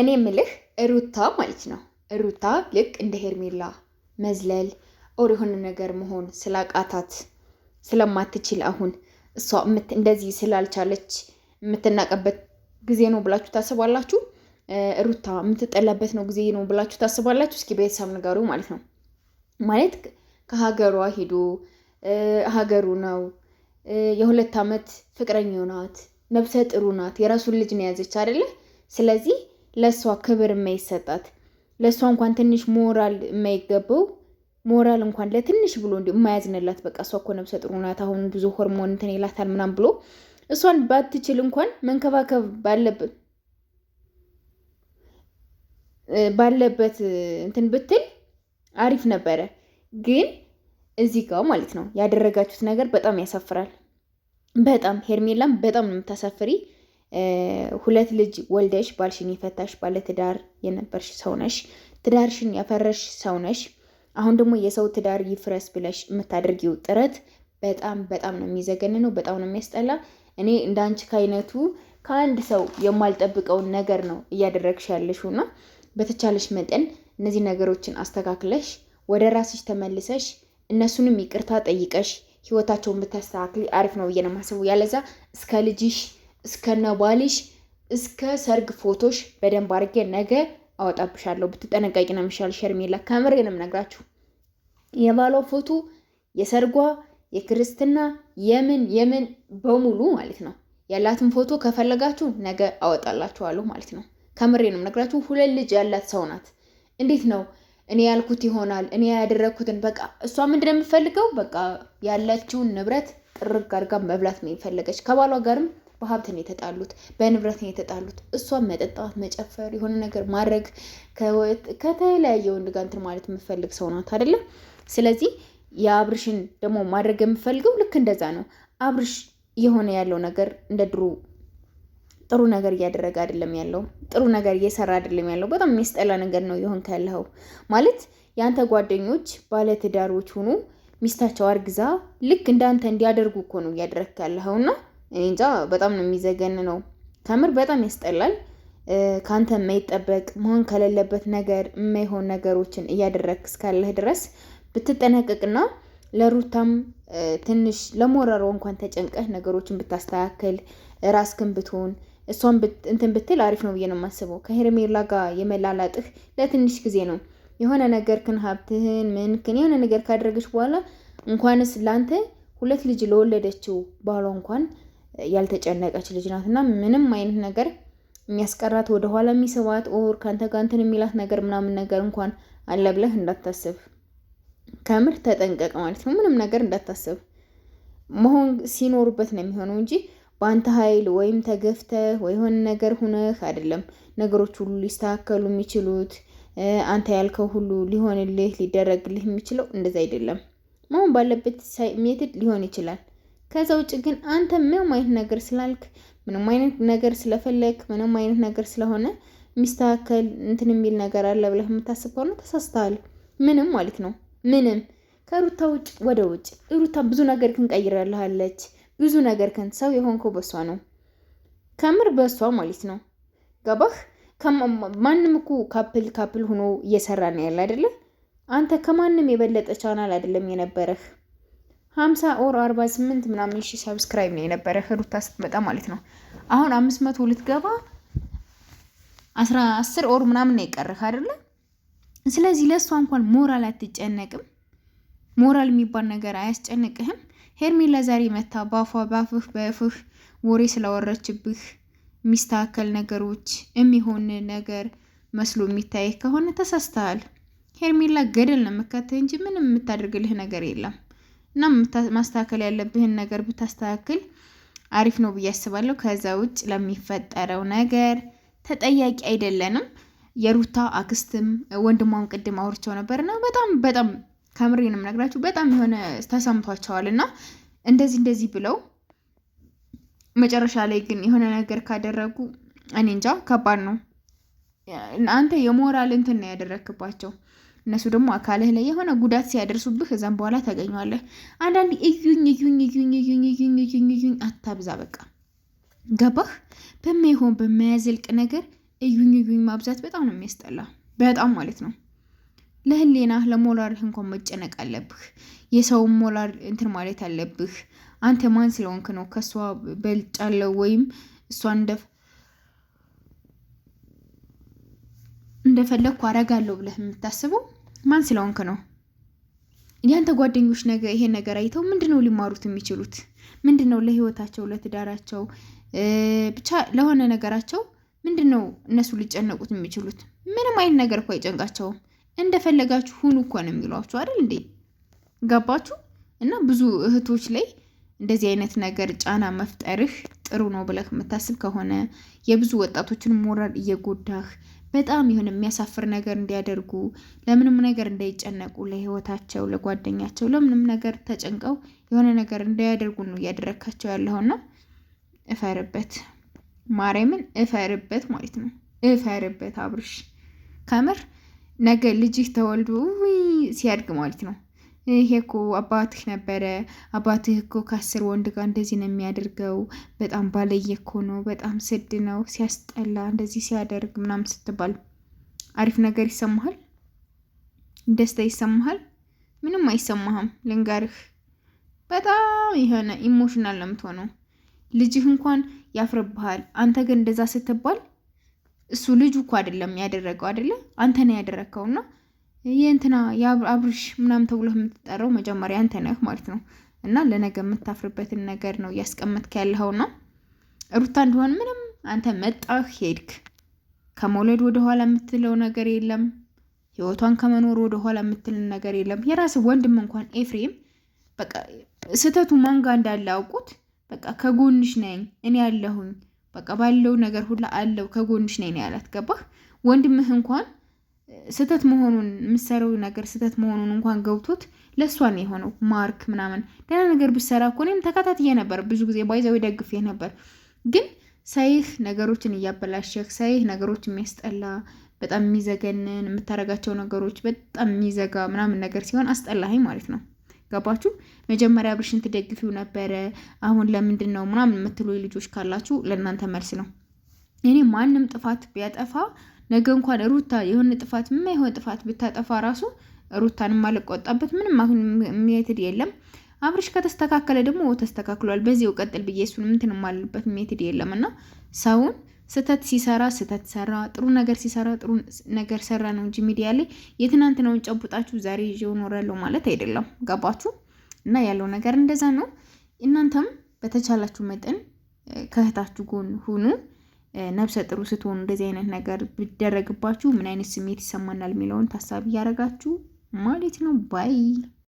እኔ ምልህ ሩታ ማለት ነው። ሩታ ልክ እንደ ሄርሜላ መዝለል ኦር የሆነ ነገር መሆን ስላቃታት ስለማትችል አሁን እሷ እንደዚህ ስላልቻለች የምትናቀበት ጊዜ ነው ብላችሁ ታስባላችሁ? ሩታ የምትጠላበት ነው ጊዜ ነው ብላችሁ ታስባላችሁ? እስኪ ቤተሰብ ነገሩ ማለት ነው። ማለት ከሀገሯ ሄዶ ሀገሩ ነው የሁለት ዓመት ፍቅረኛው ናት፣ ነብሰ ጥሩ ናት፣ የራሱን ልጅ ነው የያዘች አይደለ? ስለዚህ ለእሷ ክብር የማይሰጣት ለእሷ እንኳን ትንሽ ሞራል የማይገባው ሞራል እንኳን ለትንሽ ብሎ እንዲ የማያዝንላት በቃ እሷ እኮ ነብሰ ጥሩ ናት፣ አሁን ብዙ ሆርሞን እንትን ይላታል ምናም ብሎ እሷን ባትችል እንኳን መንከባከብ ባለበት እንትን ብትል አሪፍ ነበረ። ግን እዚህ ጋር ማለት ነው ያደረጋችሁት ነገር በጣም ያሳፍራል። በጣም ሄርሜላም በጣም ነው የምታሳፍሪ። ሁለት ልጅ ወልደሽ ባልሽን የፈታሽ ትዳር የነበርሽ ሰው ነሽ። ትዳርሽን ያፈረሽ ሰው ነሽ። አሁን ደግሞ የሰው ትዳር ይፍረስ ብለሽ የምታደርጊው ጥረት በጣም በጣም ነው የሚዘገንነው። በጣም ነው የሚያስጠላ። እኔ እንደ አንቺ ከአይነቱ ከአንድ ሰው የማልጠብቀውን ነገር ነው እያደረግሽ ያለሽው እና በተቻለሽ መጠን እነዚህ ነገሮችን አስተካክለሽ ወደ ራስሽ ተመልሰሽ እነሱንም ይቅርታ ጠይቀሽ ህይወታቸውን ብታስተካክል አሪፍ ነው ብዬ ነው የማስበው። ያለዛ እስከ ልጅሽ ባልሽ እስከ ሰርግ ፎቶሽ በደንብ አድርጌ ነገ አወጣብሻለሁ። ብትጠነቀቂ ነው የሚሻልሽ ሄርሜላ። ከምሬ ነው የምነግራችሁ። የባሏ ፎቶ፣ የሰርጓ፣ የክርስትና የምን የምን በሙሉ ማለት ነው ያላትን ፎቶ ከፈለጋችሁ ነገ አወጣላችኋለሁ ማለት ነው። ከምሬ ነው የምነግራችሁ። ሁለት ልጅ ያላት ሰው ናት። እንዴት ነው እኔ ያልኩት ይሆናል እኔ ያደረግኩትን በቃ እሷ ምንድን ነው የምፈልገው በቃ ያለችውን ንብረት ጥርግ አድርጋ መብላት ነው የፈለገች ከባሏ ጋርም በሀብት ነው የተጣሉት፣ በንብረት ነው የተጣሉት። እሷን መጠጣት፣ መጨፈር፣ የሆነ ነገር ማድረግ ከተለያየ ወንድ ጋር እንትን ማለት የምፈልግ ሰው ናት አይደለም። ስለዚህ የአብርሽን ደግሞ ማድረግ የምፈልገው ልክ እንደዛ ነው። አብርሽ የሆነ ያለው ነገር እንደ ድሮ ጥሩ ነገር እያደረገ አይደለም ያለው፣ ጥሩ ነገር እየሰራ አይደለም ያለው። በጣም የሚያስጠላ ነገር ነው የሆንክ ያለኸው ማለት የአንተ ጓደኞች ባለትዳሮች ሆኑ ሚስታቸው አርግዛ ልክ እንዳንተ እንዲያደርጉ እኮ ነው እያደረግክ ያለኸውና እኔ እንጃ በጣም ነው ነው። ከምር በጣም ያስጠላል። ከአንተ የማይጠበቅ መሆን ከሌለበት ነገር የማይሆን ነገሮችን እያደረግ እስካለህ ድረስ ብትጠነቀቅና ለሩታም ትንሽ ለሞራሯ እንኳን ተጨንቀህ ነገሮችን ብታስተካከል ራስክን ብትሆን እሷን እንትን ብትል አሪፍ ነው ብዬ ነው የማስበው። ከሄርሜላ ጋር የመላላጥህ ለትንሽ ጊዜ ነው። የሆነ ነገር ክን ሀብትህን ምንክን የሆነ ነገር ካደረገች በኋላ እንኳንስ ለአንተ ሁለት ልጅ ለወለደችው ባሏ እንኳን ያልተጨነቀች ልጅ ናት እና ምንም አይነት ነገር የሚያስቀራት ወደኋላ የሚስባት ኦር ከአንተ ጋር እንትን የሚላት ነገር ምናምን ነገር እንኳን አለ ብለህ እንዳታስብ፣ ከምር ተጠንቀቅ ማለት ነው። ምንም ነገር እንዳታስብ መሆን ሲኖሩበት ነው የሚሆነው እንጂ በአንተ ኃይል ወይም ተገፍተህ ወይ የሆነ ነገር ሁነህ አይደለም ነገሮች ሁሉ ሊስተካከሉ የሚችሉት። አንተ ያልከው ሁሉ ሊሆንልህ ሊደረግልህ የሚችለው እንደዚ አይደለም። መሆን ባለበት ሜትድ ሊሆን ይችላል። ከዛ ውጭ ግን አንተ ምንም አይነት ነገር ስላልክ ምንም አይነት ነገር ስለፈለክ ምንም አይነት ነገር ስለሆነ የሚስተካከል እንትን የሚል ነገር አለ ብለህ የምታስብ ከሆነ ተሳስተሃል። ምንም ማለት ነው ምንም ከሩታ ውጭ ወደ ውጭ ሩታ ብዙ ነገር ክን ቀይራልሃለች። ብዙ ነገር ክን ሰው የሆንከው በሷ ነው፣ ከምር በሷ ማለት ነው። ገባህ? ማንም እኮ ካፕል ካፕል ሆኖ እየሰራ ነው ያለ አይደለም። አንተ ከማንም የበለጠ ቻናል አይደለም የነበረህ ሀምሳ ኦር አርባ ስምንት ምናምን ሺ ሰብስክራይብ ነው የነበረ ሩታ ስትመጣ ማለት ነው። አሁን አምስት መቶ ልትገባ አስራ አስር ኦር ምናምን ነው የቀረህ አይደለ? ስለዚህ ለእሷ እንኳን ሞራል አትጨነቅም። ሞራል የሚባል ነገር አያስጨንቅህም። ሄርሜላ ዛሬ መታ በአፏ በአፍህ በእፍህ ወሬ ስላወረችብህ የሚስተካከል ነገሮች የሚሆን ነገር መስሎ የሚታይህ ከሆነ ተሳስተሃል። ሄርሜላ ገደል ነው የምከትህ እንጂ ምንም የምታደርግልህ ነገር የለም። እና ማስተካከል ያለብህን ነገር ብታስተካክል አሪፍ ነው ብዬ አስባለሁ። ከዛ ውጭ ለሚፈጠረው ነገር ተጠያቂ አይደለንም። የሩታ አክስትም ወንድሟም ቅድም አውርቸው ነበርና በጣም በጣም ከምሬንም ነግራችሁ በጣም የሆነ ተሰምቷቸዋል እና እንደዚህ እንደዚህ ብለው መጨረሻ ላይ ግን የሆነ ነገር ካደረጉ እኔ እንጃ ከባድ ነው። አንተ የሞራል እንትን ነው ያደረክባቸው። እነሱ ደግሞ አካልህ ላይ የሆነ ጉዳት ሲያደርሱብህ እዛም በኋላ ታገኘዋለህ። አንዳንድ እዩኝ እዩኝ እዩኝ እዩኝ እዩኝ እዩኝ እዩኝ አታብዛ። በቃ ገባህ? በማይሆን በማያዘልቅ ነገር እዩኝ እዩኝ ማብዛት በጣም ነው የሚያስጠላ፣ በጣም ማለት ነው። ለህሌና ለሞራልህ እንኳን መጨነቅ አለብህ። የሰውን ሞራል እንትን ማለት አለብህ። አንተ ማን ስለሆንክ ነው ከእሷ በልጫለው ወይም እሷ እንደ እንደፈለግኩ አረጋለሁ ብለህ የምታስበው? ማን ስለሆንክ ነው? ያንተ ጓደኞች ነገ ይሄን ነገር አይተው ምንድን ነው ሊማሩት የሚችሉት? ምንድን ነው ለህይወታቸው፣ ለትዳራቸው፣ ብቻ ለሆነ ነገራቸው ምንድን ነው እነሱ ሊጨነቁት የሚችሉት? ምንም አይነት ነገር እኮ አይጨንቃቸውም። እንደፈለጋችሁ ሁኑ እኮ ነው የሚሏችሁ አይደል እንዴ? ገባችሁ? እና ብዙ እህቶች ላይ እንደዚህ አይነት ነገር ጫና መፍጠርህ ጥሩ ነው ብለህ የምታስብ ከሆነ የብዙ ወጣቶችን ሞራል እየጎዳህ በጣም የሆነ የሚያሳፍር ነገር እንዲያደርጉ ለምንም ነገር እንዳይጨነቁ ለህይወታቸው፣ ለጓደኛቸው፣ ለምንም ነገር ተጨንቀው የሆነ ነገር እንዳያደርጉ ነው እያደረካቸው ያለሆና እፈርበት፣ ማርያምን እፈርበት ማለት ነው። እፈርበት አብርሽ ከምር ነገ ልጅህ ተወልዶ ሲያድግ ማለት ነው ይሄ እኮ አባትህ ነበረ፣ አባትህ እኮ ከአስር ወንድ ጋር እንደዚህ ነው የሚያደርገው፣ በጣም ባለየ እኮ ነው፣ በጣም ስድ ነው፣ ሲያስጠላ እንደዚህ ሲያደርግ ምናምን ስትባል አሪፍ ነገር ይሰማሃል? ደስታ ይሰማሃል? ምንም አይሰማህም። ልንገርህ፣ በጣም የሆነ ኢሞሽናል ነው የምትሆነው። ልጅህ እንኳን ያፍርብሃል። አንተ ግን እንደዛ ስትባል እሱ ልጁ እኮ አይደለም ያደረገው አይደለ? አንተ ነው ያደረግከውና የእንትና የአብርሽ ምናምን ተብሎ የምትጠራው መጀመሪያ አንተ ነህ ማለት ነው። እና ለነገ የምታፍርበትን ነገር ነው እያስቀመጥክ ያለኸው ነው። ሩታ እንደሆን ምንም አንተ መጣህ ሄድክ፣ ከመውለድ ወደኋላ የምትለው ነገር የለም። ህይወቷን ከመኖር ወደኋላ የምትል ነገር የለም። የራስ ወንድም እንኳን ኤፍሬም በቃ ስህተቱ ማንጋ እንዳለ አውቁት። በቃ ከጎንሽ ነኝ እኔ ያለሁኝ፣ በቃ ባለው ነገር ሁላ አለው ከጎንሽ ነኝ ያላት ገባህ? ወንድምህ እንኳን ስህተት መሆኑን የምትሰራው ነገር ስህተት መሆኑን እንኳን ገብቶት ነው የሆነው ማርክ ምናምን ደህና ነገር ብትሰራ እኮ እኔም ተከታትዬ ነበር፣ ብዙ ጊዜ ባይዛዊ ደግፌ ነበር። ግን ሳይህ ነገሮችን እያበላሸህ ሳይህ ነገሮች የሚያስጠላ በጣም የሚዘገንን የምታደርጋቸው ነገሮች በጣም የሚዘጋ ምናምን ነገር ሲሆን አስጠላኸኝ ማለት ነው። ገባችሁ? መጀመሪያ ብርሽን ትደግፊው ነበረ፣ አሁን ለምንድን ነው ምናምን የምትሉ ልጆች ካላችሁ ለእናንተ መልስ ነው። እኔ ማንም ጥፋት ቢያጠፋ ነገ እንኳን ሩታ የሆነ ጥፋት ምን የሆነ ጥፋት ብታጠፋ ራሱ ሩታን ማልቆጣበት ምንም አሁን ሜትድ የለም። አብርሽ ከተስተካከለ ደግሞ ተስተካክሏል፣ በዚህ እውቀጥል ብዬ እሱን ምንትን ማልበት ሜትድ የለም እና ሰውን ስህተት ሲሰራ ስህተት ሰራ፣ ጥሩ ነገር ሲሰራ ጥሩ ነገር ሰራ ነው እንጂ ሚዲያ ላይ የትናንትናውን ጨቡጣችሁ ዛሬ ይዤው እኖራለሁ ማለት አይደለም። ገባችሁ? እና ያለው ነገር እንደዛ ነው። እናንተም በተቻላችሁ መጠን ከእህታችሁ ጎን ሁኑ። ነፍሰ ጥሩ ስትሆኑ እንደዚህ አይነት ነገር ቢደረግባችሁ ምን አይነት ስሜት ይሰማናል የሚለውን ታሳቢ ያደረጋችሁ ማለት ነው ባይ